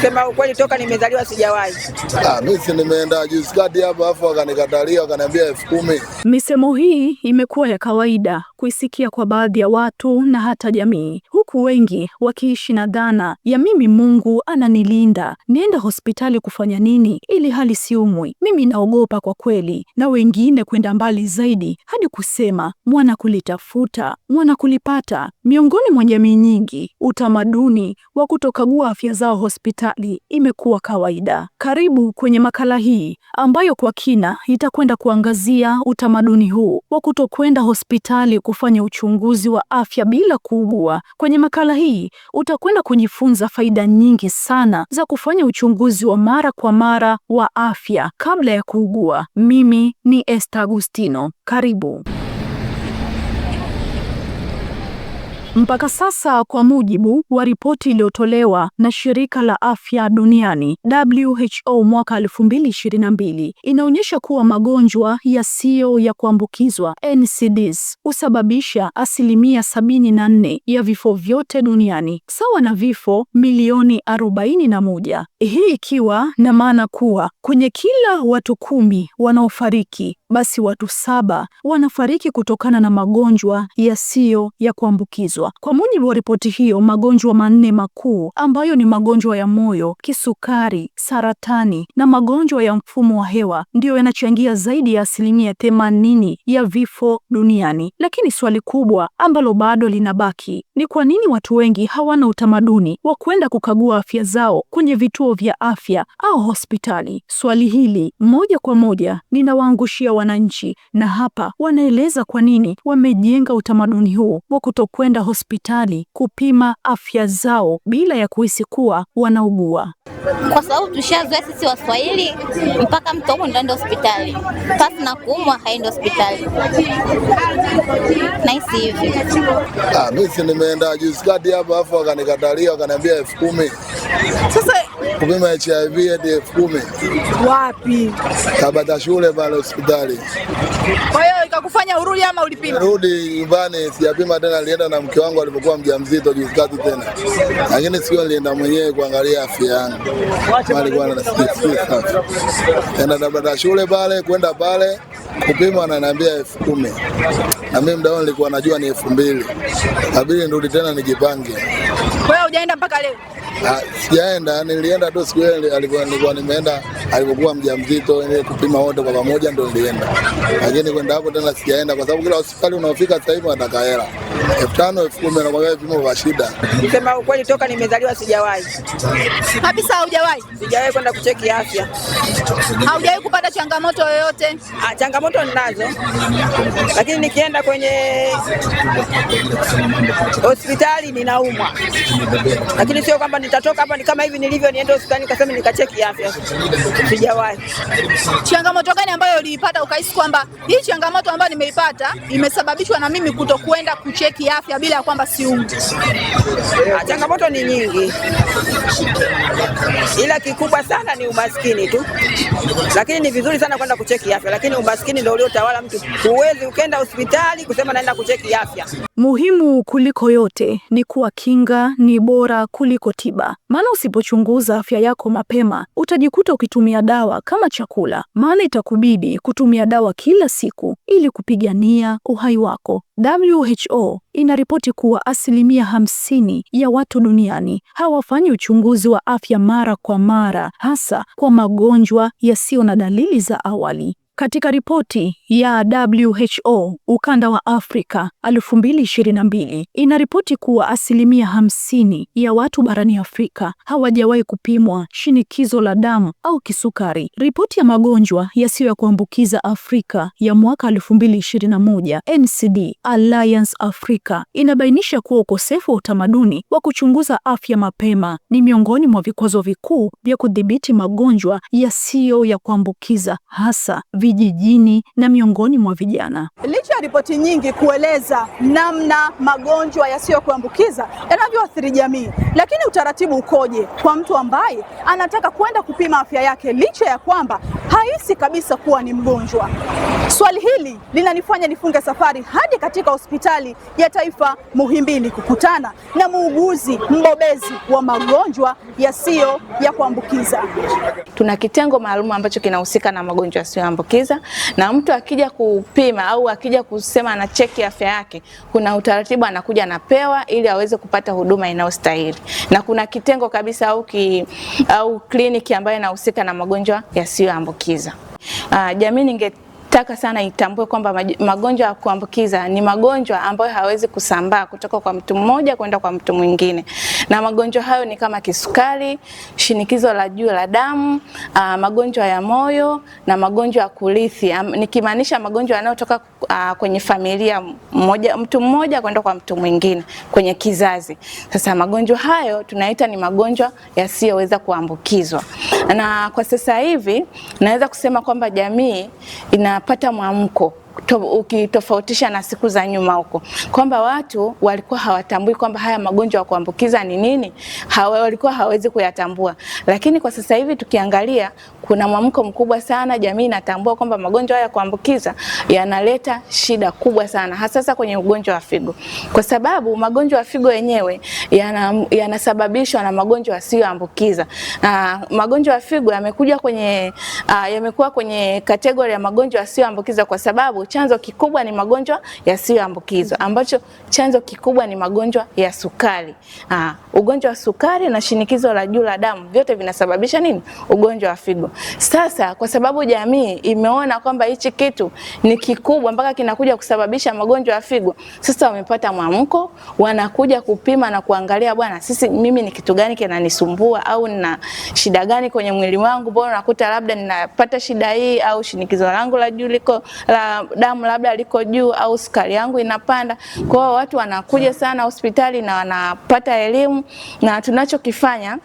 Sema ukweli, toka nimezaliwa sijawahi. Ah, mimi si nimeenda juzi kati hapa, afu akanikatalia akaniambia elfu kumi. Misemo hii imekuwa ya kawaida kuisikia kwa baadhi ya watu na hata jamii, huku wengi wakiishi na dhana ya mimi Mungu ananilinda, nienda hospitali kufanya nini ili hali siumwi? Mimi naogopa kwa kweli, na wengine kwenda mbali zaidi hadi kusema mwana kulitafuta mwana kulipata. Miongoni mwa jamii nyingi, utamaduni wa kutokagua afya zao hospitali imekuwa kawaida. Karibu kwenye makala hii ambayo kwa kina itakwenda kuangazia utamaduni huu wa kutokwenda hospitali kufanya uchunguzi wa afya bila kuugua. Kwenye makala hii utakwenda kujifunza faida nyingi sana za kufanya uchunguzi wa mara kwa mara wa afya kabla ya kuugua. Mimi ni Esther Agustino. Karibu. Mpaka sasa kwa mujibu wa ripoti iliyotolewa na Shirika la Afya Duniani WHO mwaka 2022 inaonyesha kuwa magonjwa yasiyo ya kuambukizwa NCDs husababisha asilimia 74 ya vifo vyote duniani sawa na vifo milioni 41, hii ikiwa na maana kuwa kwenye kila watu kumi wanaofariki basi watu saba wanafariki kutokana na magonjwa yasiyo ya kuambukizwa magonjwa. Kwa mujibu wa ripoti hiyo, magonjwa manne makuu ambayo ni magonjwa ya moyo, kisukari, saratani na magonjwa ya mfumo wa hewa ndiyo yanachangia zaidi ya asilimia themanini ya vifo duniani. Lakini swali kubwa ambalo bado linabaki ni kwa nini watu wengi hawana utamaduni wa kwenda kukagua afya zao kwenye vituo vya afya au hospitali? Swali hili moja kwa moja ninawaangushia wananchi, na hapa wanaeleza kwa nini wamejenga utamaduni huu wa kutokwenda hospitali kupima afya zao bila ya kuhisi kuwa wanaugua, kwa sababu tushazoea sisi Waswahili mpaka mtu huko ndaenda hospitali pasi na kuumwa haendi hospitali. Nahisi hivi ah, mimi, nimeenda juzi kati hapa, afu wakanikatalia wakaniambia elfu kumi sasa kupima HIV hadi elfu kumi. Wapi? Kabata shule pale hospitali. Kwa hiyo ikakufanya urudi ama ulipima? Rudi nyumbani, sijapima tena, nilienda na mke wangu alipokuwa mjamzito juzi kati tena, lakini sio, nilienda mwenyewe kuangalia afya yangu, alikuwa enda Tabata shule pale kwenda pale kupima ananiambia elfu kumi na mimi mdao nilikuwa najua ni elfu mbili kabili, nirudi tena nijipange. Kwa hiyo hujaenda mpaka leo? sijaenda, nilienda tu siku ile alikuwa nimeenda, alipokuwa mjamzito ile kupima wote kwa pamoja ndio nilienda, lakini kwenda hapo tena sijaenda, kwa sababu kila hospitali unaofika sasa hivi wanataka hela 5000, 10000 elfu kumi anakwambia vipimo vya shida. Sema ukweli, toka nimezaliwa sijawahi kabisa. Haujawahi? Sijawahi kwenda kucheki afya. Haujawahi kupata changamoto yoyote? Ah, changamoto ninazo, lakini nikienda kwenye hospitali ninaumwa, lakini sio kwamba nitatoka hapa ni kama hivi nilivyo, niende hospitali kasema nikacheki afya, sijawahi. Changamoto gani ambayo uliipata ukahisi kwamba hii changamoto ambayo nimeipata imesababishwa na mimi kutokwenda kucheki afya bila ya kwamba siumwi? Ah, changamoto ni nyingi, ila kikubwa sana ni umaskini tu, lakini ni vizuri sana kwenda kucheki afya, lakini umaskini ndio uliotawala mtu. Huwezi ukenda hospitali kusema naenda kucheki afya. Muhimu kuliko yote ni kuwa kinga ni bora kuliko tiba tiba, maana usipochunguza afya yako mapema utajikuta ukitumia dawa kama chakula, maana itakubidi kutumia dawa kila siku ili kupigania uhai wako. WHO inaripoti kuwa asilimia hamsini ya watu duniani hawafanyi uchunguzi wa afya mara kwa mara, hasa kwa magonjwa yasiyo na dalili za awali. Katika ripoti ya WHO ukanda wa Afrika 2022 inaripoti kuwa asilimia hamsini ya watu barani Afrika hawajawahi kupimwa shinikizo la damu au kisukari. Ripoti ya magonjwa yasiyo ya kuambukiza Afrika ya mwaka 2021 NCD Alliance Africa inabainisha kuwa ukosefu wa utamaduni wa kuchunguza afya mapema ni miongoni mwa vikwazo vikuu vya kudhibiti magonjwa yasiyo ya kuambukiza hasa vijijini na miongoni mwa vijana. Licha ya ripoti nyingi kueleza namna magonjwa yasiyokuambukiza yanavyoathiri jamii, lakini utaratibu ukoje kwa mtu ambaye anataka kwenda kupima afya yake licha ya kwamba hahisi kabisa kuwa ni mgonjwa? Swali hili linanifanya nifunge safari hadi katika hospitali ya taifa Muhimbili kukutana na muuguzi mbobezi wa magonjwa yasiyo ya kuambukiza. Tuna kitengo maalum ambacho kinahusika na magonjwa yasiyoambukiza na mtu akija kupima au akija kusema anacheki afya yake, kuna utaratibu anakuja anapewa ili aweze kupata huduma inayostahili, na kuna kitengo kabisa au, ki, au kliniki ambayo inahusika na magonjwa yasiyoambukiza. Ah, jamii ninge taka sana itambue kwamba magonjwa ya kuambukiza ni magonjwa ambayo hawezi kusambaa kutoka kwa mtu mmoja kwenda kwa mtu mwingine, na magonjwa hayo ni kama kisukari, shinikizo la juu la damu, uh, magonjwa ya moyo na magonjwa ya kurithi, um, nikimaanisha magonjwa yanayotoka uh, kwenye familia mmoja, mtu mmoja kwenda kwa mtu mwingine kwenye kizazi. Sasa magonjwa hayo tunaita ni magonjwa yasiyoweza kuambukizwa, na kwa sasa hivi naweza kusema kwamba jamii ina napata mwamko to, ukitofautisha na siku za nyuma huko, kwamba watu walikuwa hawatambui kwamba haya magonjwa ya kuambukiza ni nini, hawa, walikuwa hawawezi kuyatambua, lakini kwa sasa hivi tukiangalia, kuna mwamko mkubwa sana, jamii inatambua kwamba magonjwa ya kuambukiza yanaleta shida kubwa sana, hasa kwenye ugonjwa wa figo, kwa sababu magonjwa ya figo yenyewe yanasababishwa yana na magonjwa yasiyoambukiza. Magonjwa ya figo yamekuja kwenye ah, yamekuwa kwenye kategoria ya magonjwa yasiyoambukiza kwa sababu chanzo kikubwa ni magonjwa yasiyoambukizwa, ambacho chanzo kikubwa ni magonjwa ya sukari. Aa, ah, ugonjwa wa sukari na shinikizo la juu la damu vyote vinasababisha nini? Ugonjwa wa figo. Sasa kwa sababu jamii imeona kwamba hichi kitu ni kikubwa mpaka kinakuja kusababisha magonjwa ya figo, sasa wamepata mwamko, wanakuja kupima na kuangalia, bwana, sisi mimi ni kitu gani kinanisumbua au nina shida gani kwenye mwili wangu? Mbona nakuta labda ninapata shida hii au shinikizo langu la juu liko la, damu labda liko juu au sukari yangu inapanda. Kwa hiyo watu wanakuja sana hospitali na wanapata elimu, na tunachokifanya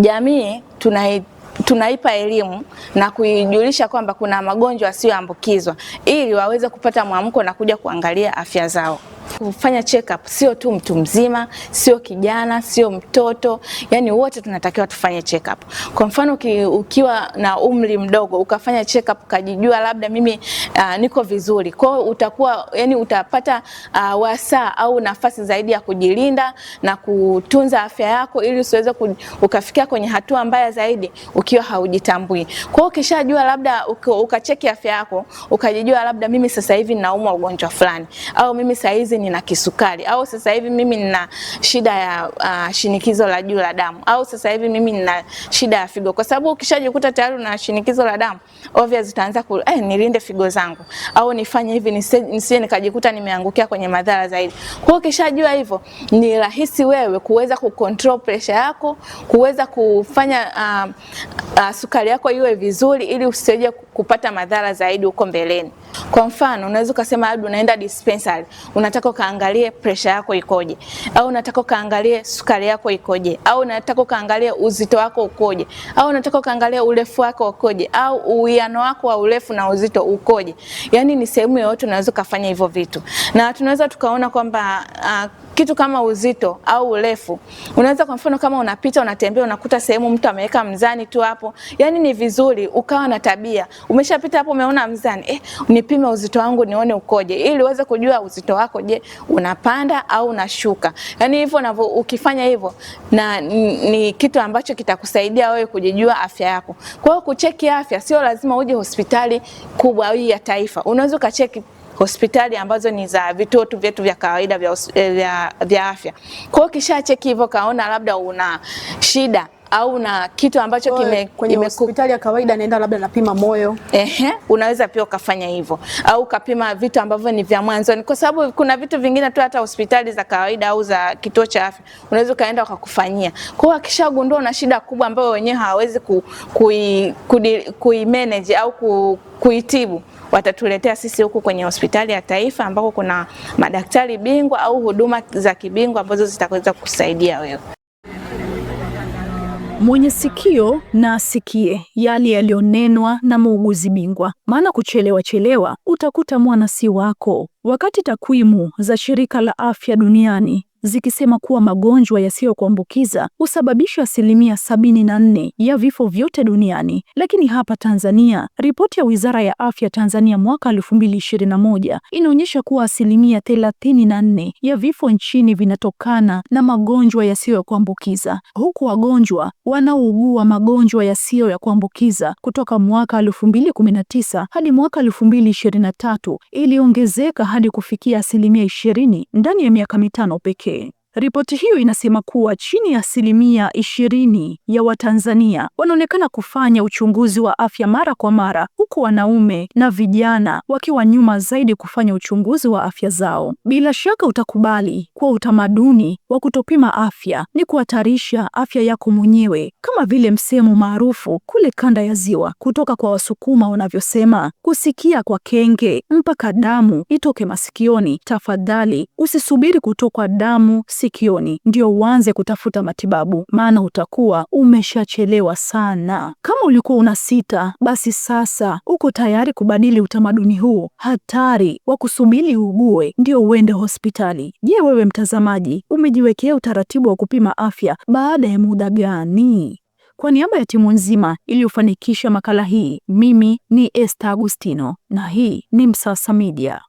jamii tunai tunaipa elimu na kuijulisha kwamba kuna magonjwa yasiyoambukizwa ili waweze kupata mwamko na kuja kuangalia afya zao kufanya check up, sio tu mtu mzima, sio kijana, sio mtoto, yani wote tunatakiwa tufanye check up. Kwa mfano ki, ukiwa na umri mdogo ukafanya check up ukajijua labda mimi uh, niko vizuri kwao, utakuwa yani utapata uh, wasaa au nafasi zaidi ya kujilinda na kutunza afya yako ili usiweze ukafikia kwenye hatua mbaya zaidi ukiwa haujitambui. Kwao ukishajua labda ukacheki afya yako ukajijua labda mimi sasa hivi ninaumwa ugonjwa fulani au mimi saizi hizi nina kisukari, au sasa hivi mimi nina shida ya uh, shinikizo la juu la damu, au sasa hivi mimi nina shida ya figo. Kwa sababu ukishajikuta tayari una shinikizo la damu, obvious utaanza ku eh, nilinde figo zangu au nifanye hivi nisije nikajikuta nimeangukia kwenye madhara zaidi. Kwa hiyo ukishajua hivyo, ni rahisi wewe kuweza kucontrol pressure yako, kuweza kufanya uh, uh, sukari yako iwe vizuri ili usije kupata madhara zaidi huko mbeleni. Kwa mfano, unaweza ukasema labda unaenda dispensary, unataka unataka ukaangalie presha yako ikoje, au unataka ukaangalie sukari yako ikoje, au unataka ukaangalie uzito wako ukoje, au unataka ukaangalie urefu wako ukoje, au uwiano wako wa urefu na uzito ukoje. Yani ni sehemu yoyote unaweza ukafanya hivyo vitu, na tunaweza tukaona kwamba uh, kitu kama uzito au urefu. Unaweza kwa mfano kama unapita unatembea, unakuta sehemu mtu ameweka mzani tu hapo, yani ni vizuri ukawa na tabia, umeshapita hapo umeona mzani eh, nipime uzito wangu nione ukoje, ili uweze kujua uzito wako, je, unapanda au unashuka. Yani hivyo unavyo, ukifanya hivyo na ni kitu ambacho kitakusaidia wewe kujijua afya yako. Kwa hiyo kucheki afya sio lazima uje hospitali kubwa hii ya taifa, unaweza ukacheki hospitali ambazo ni za vituo tu vyetu vya kawaida vya, eh, vya, vya afya. Kwa hiyo kisha cheki hivyo, kaona labda una shida au na kitu ambacho kime, kwenye kime hospitali ya kawaida naenda labda napima moyo. Ehe, unaweza pia ukafanya hivyo au ukapima vitu ambavyo ni vya mwanzoni, kwa sababu kuna vitu vingine tu hata hospitali za kawaida au za kituo cha afya unaweza ukaenda ukakufanyia. Kwa hiyo akishagundua una shida kubwa ambayo wenyewe hawawezi ku, kui, kui, kui manage au ku, kuitibu watatuletea sisi huku kwenye hospitali ya taifa ambako kuna madaktari bingwa au huduma za kibingwa ambazo zitaweza kusaidia wewe. Mwenye sikio na asikie yale yaliyonenwa na muuguzi bingwa, maana kuchelewa chelewa utakuta mwana si wako. Wakati takwimu za shirika la afya duniani zikisema kuwa magonjwa yasiyokuambukiza husababisha asilimia sabini na nne ya vifo vyote duniani. Lakini hapa Tanzania, ripoti ya Wizara ya Afya Tanzania mwaka 2021 inaonyesha kuwa asilimia thelathini na nne ya vifo nchini vinatokana na magonjwa yasiyokuambukiza, huku wagonjwa wanaougua magonjwa yasiyo ya kuambukiza kutoka mwaka 2019 hadi mwaka 2023 iliongezeka hadi kufikia asilimia ishirini ndani ya miaka mitano pekee. Okay Ripoti hiyo inasema kuwa chini ya asilimia ishirini ya Watanzania wanaonekana kufanya uchunguzi wa afya mara kwa mara, huku wanaume na vijana wakiwa nyuma zaidi kufanya uchunguzi wa afya zao. Bila shaka utakubali kuwa utamaduni wa kutopima afya ni kuhatarisha afya yako mwenyewe, kama vile msemo maarufu kule kanda ya Ziwa kutoka kwa Wasukuma unavyosema, kusikia kwa kenge mpaka damu itoke masikioni. Tafadhali usisubiri kutokwa damu sikioni ndio uanze kutafuta matibabu, maana utakuwa umeshachelewa sana. Kama ulikuwa una sita, basi sasa uko tayari kubadili utamaduni huo hatari wa kusubiri ugue ndio uende hospitali. Je, wewe mtazamaji, umejiwekea utaratibu wa kupima afya baada ya muda gani? Kwa niaba ya timu nzima iliyofanikisha makala hii, mimi ni Esther Agustino na hii ni Msasa Media.